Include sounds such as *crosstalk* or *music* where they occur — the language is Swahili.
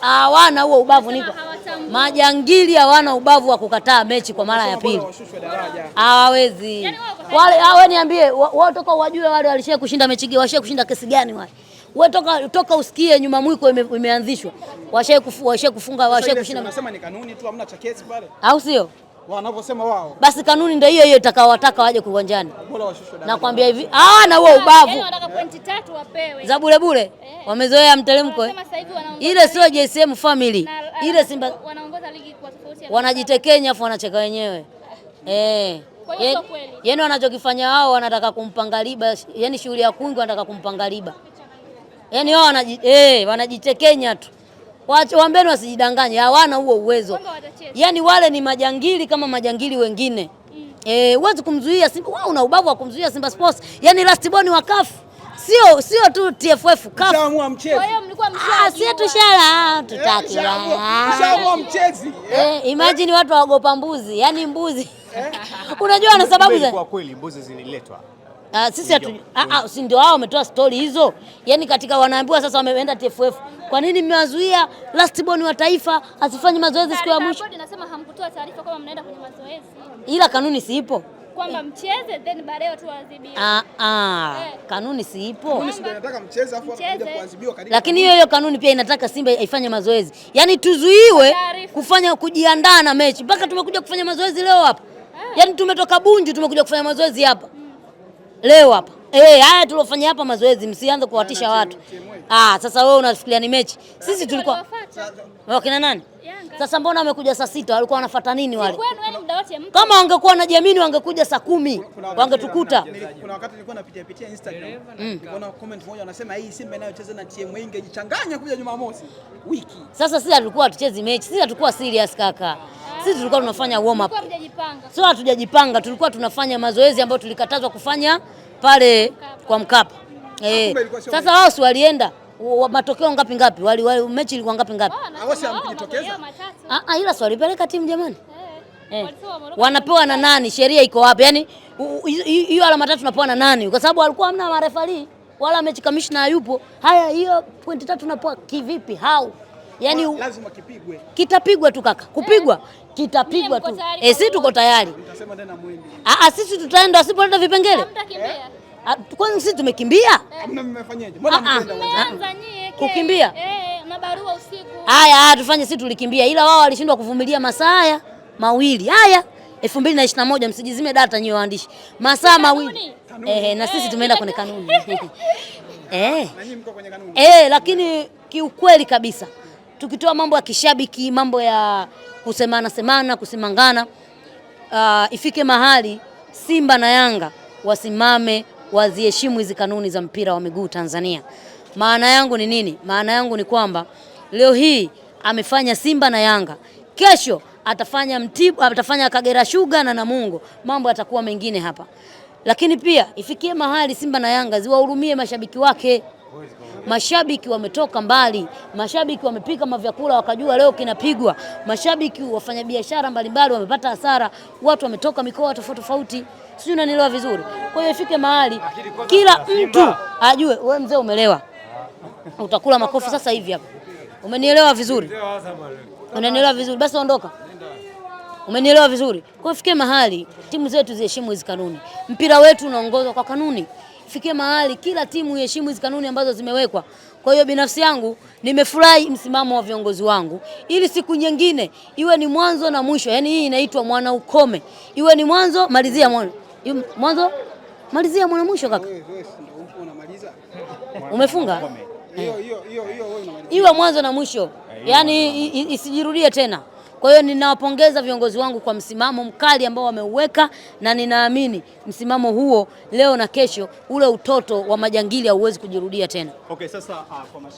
hawana huo ubavu niko majangili hawana ubavu wa kukataa mechi kwa mara ya pili, hawawezi yaani wale. Wewe niambie, wao toka wajue wale walishia kushinda mechi, gani? Washia kushinda kesi gani wale? Wewe toka toka usikie nyuma mwiko imeanzishwa, washia kufunga, washia kushinda. Unasema ni kanuni tu, hamna cha kesi pale, au sio? wanavyosema wao, basi kanuni ndio hiyo hiyo itakawataka waje kuwanjani. Nakwambia hivi ah, na wao ubavu yaani za bure bure eh. wamezoea mteremko. Eh? Ile sio JSM family, eh, ile Simba wanaongoza ligi kwa tofauti, wanajitekenya afu wanacheka wenyewe eh yani wanachokifanya wao wanataka kumpanga riba, yani shughuli ya kungi wanataka kumpanga riba, yani wao wanajitekenya tu. Wambeni wasijidanganye, hawana huo uwezo. Yaani wale ni majangili kama majangili wengine. Mm. Eh, huwezi mm. E, kumzuia Simba. Wewe una ubavu wa kumzuia Simba Sports. Yaani last born wa CAF. Sio sio tu TFF CAF. Mshaamua mchezo. Kwa hiyo mlikuwa ah, ah, mshaamua. Ah, sio tushala tutaki. Mshaamua mchezo. Eh, imagine watu waogopa mbuzi. Yaani mbuzi. Eh? *laughs* Unajua na sababu za. Kwa kweli mbuzi zililetwa. Uh, sisi hatu ah, ah, si ndio wao wametoa stori hizo, yaani katika wanaambiwa sasa wameenda TFF. Kwa nini mmewazuia last born wa taifa asifanye mazoezi siku ya mwisho? Nasema hamkutoa taarifa kama mnaenda kwenye mazoezi, ila kanuni si ipo kwamba mcheze then baadaye watu waadhibiwe. Ah ah, eh. kanuni si ipo, lakini hiyo hiyo kanuni pia inataka Simba ifanye mazoezi, yaani tuzuiwe kufanya kujiandaa na mechi mpaka tumekuja kufanya mazoezi leo hapa, eh. yaani tumetoka Bunju tumekuja kufanya mazoezi hapa leo hapa eh, haya tuliofanya hapa mazoezi, msianze kuwatisha watu. Ah, sasa wewe unafikiria ni mechi? Sisi tulikuwa wakina nani? Sasa mbona wamekuja saa sita? Walikuwa wanafuata nini wale? Kama wangekuwa wanajiamini wangekuja saa kumi, wangetukuta. Kuna wakati nilikuwa napitia pitia Instagram, mm. nikaona comment moja wanasema hii Simba inayocheza na timu ijichanganya kuja Jumamosi wiki. Sasa sisi tulikuwa tuchezi mechi, sisi tulikuwa serious kaka, ah. sisi tulikuwa tunafanya warm up sio hatujajipanga, tulikuwa tunafanya mazoezi ambayo tulikatazwa kufanya pale kwa Mkapa. Ah, eh, sasa wao si walienda matokeo ngapi ngapi? wali, wali, mechi ilikuwa ngapi ngapi? Ah, ah, ila si walipeleka timu jamani. Eh, eh. wanapewa na nani? Sheria iko wapi? Yaani hiyo alama tatu napewa na nani? Kwa sababu alikuwa hamna marefali wala mechi kamishna hayupo. Haya, hiyo pointi tatu napewa kivipi? How? yani lazima kipigwe. Kitapigwa tu kaka, kupigwa eh, kitapigwa tu e, si tuko tayari. Ah, sisi tutaenda, asipoleta vipengele kwani sisi tumekimbia? Eh. Kukimbia haya tufanye, si tulikimbia, ila wao walishindwa kuvumilia masaa haya mawili haya elfu mbili na ishirini na moja. Msijizime data nyiwe waandishi, masaa mawili eh, na sisi tumeenda kwenye kanuni *laughs* eh, eh, lakini kiukweli kabisa tukitoa mambo ya kishabiki, mambo ya kusemana semana, kusimangana, uh, ifike mahali Simba na Yanga wasimame waziheshimu hizi kanuni za mpira wa miguu Tanzania. Maana yangu ni nini? Maana yangu ni kwamba leo hii amefanya Simba na Yanga, kesho atafanya Mtibu, atafanya Kagera Sugar na Namungo, mambo yatakuwa mengine hapa. Lakini pia ifikie mahali Simba na Yanga ziwahurumie mashabiki wake. Mashabiki wametoka mbali, mashabiki wamepika mavyakula wakajua leo kinapigwa. Mashabiki, wafanyabiashara mbalimbali wamepata hasara, watu wametoka mikoa tofauti tofauti, sijui unanielewa vizuri. Kwa hiyo ifike mahali kila mtu ajue, we mzee umelewa, utakula makofi sasa hivi hapa. Umenielewa vizuri? Unanielewa vizuri? Basi ondoka. Umenielewa vizuri? Kwa hiyo ifike mahali timu zetu ziheshimu hizi kanuni, mpira wetu unaongozwa kwa kanuni fikie mahali kila timu iheshimu hizi kanuni ambazo zimewekwa. Kwa hiyo binafsi yangu nimefurahi msimamo wa viongozi wangu, ili siku nyingine iwe ni mwanzo na mwisho. Yani hii inaitwa mwana ukome, iwe ni mwanzo malizia mwana mwanzo malizia mwana mwisho. Kaka umefunga hiyo, iwe mwanzo na mwisho, eh, yani isijirudie tena. Kwa hiyo ninawapongeza viongozi wangu kwa msimamo mkali ambao wameuweka, na ninaamini msimamo huo leo na kesho ule utoto wa majangili hauwezi kujirudia tena. Okay, sasa, uh, kwa